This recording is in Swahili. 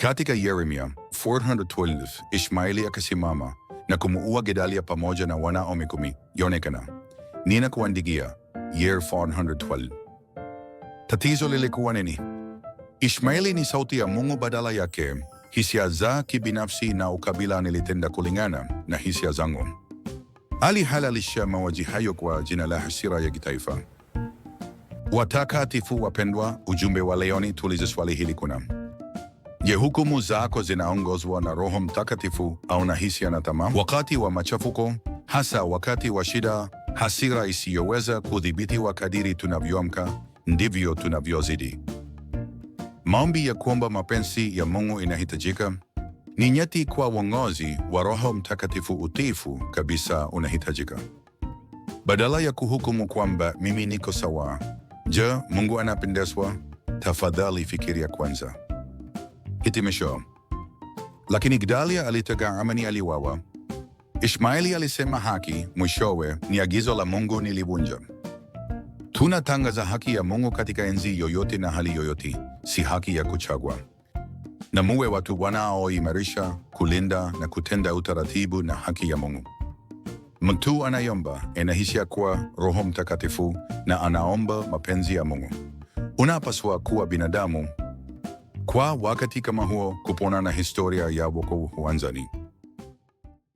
Katika Yeremia 412 Ishmaeli akasimama na kumuua Gedalia pamoja na wanawe kumi. nina ninakuandikia year 412. Tatizo lilikuwa nini? Ishmaeli ni sauti ya Mungu, badala yake hisia za kibinafsi na ukabila nilitenda kulingana na hisia zangu. Alihalalisha mauaji hayo kwa jina la hasira ya kitaifa. Watakatifu wapendwa, ujumbe wa leo ni tulize swali hili: kuna Je, hukumu zako zinaongozwa na Roho Mtakatifu au hisia na tamaa wakati wa machafuko, hasa wakati wa shida? Hasira isiyoweza kudhibitiwa. Kadiri tunavyoamka ndivyo tunavyozidi. Maombi ya kuomba mapenzi ya Mungu inahitajika. Ni nyeti kwa uongozi wa Roho Mtakatifu. Utiifu kabisa unahitajika, badala ya kuhukumu kwamba mimi niko sawa. Je, Mungu anapendezwa? Tafadhali fikiria kwanza. Hitimisho. Lakini gdalia alitega amani, aliwawa. Ishmaeli alisema haki mwishowe ni agizo la Mungu nilivunja. Tunatangaza haki ya Mungu katika enzi yoyote na hali yoyote, si haki ya kuchagua. Na muwe watu wanaoimarisha, kulinda na kutenda utaratibu na haki ya Mungu. Mtu anayomba anahisi kuwa Roho Mtakatifu na anaomba mapenzi ya Mungu. Unapaswa kuwa binadamu kwa wakati kama huo kupona na historia ya wokovu huanza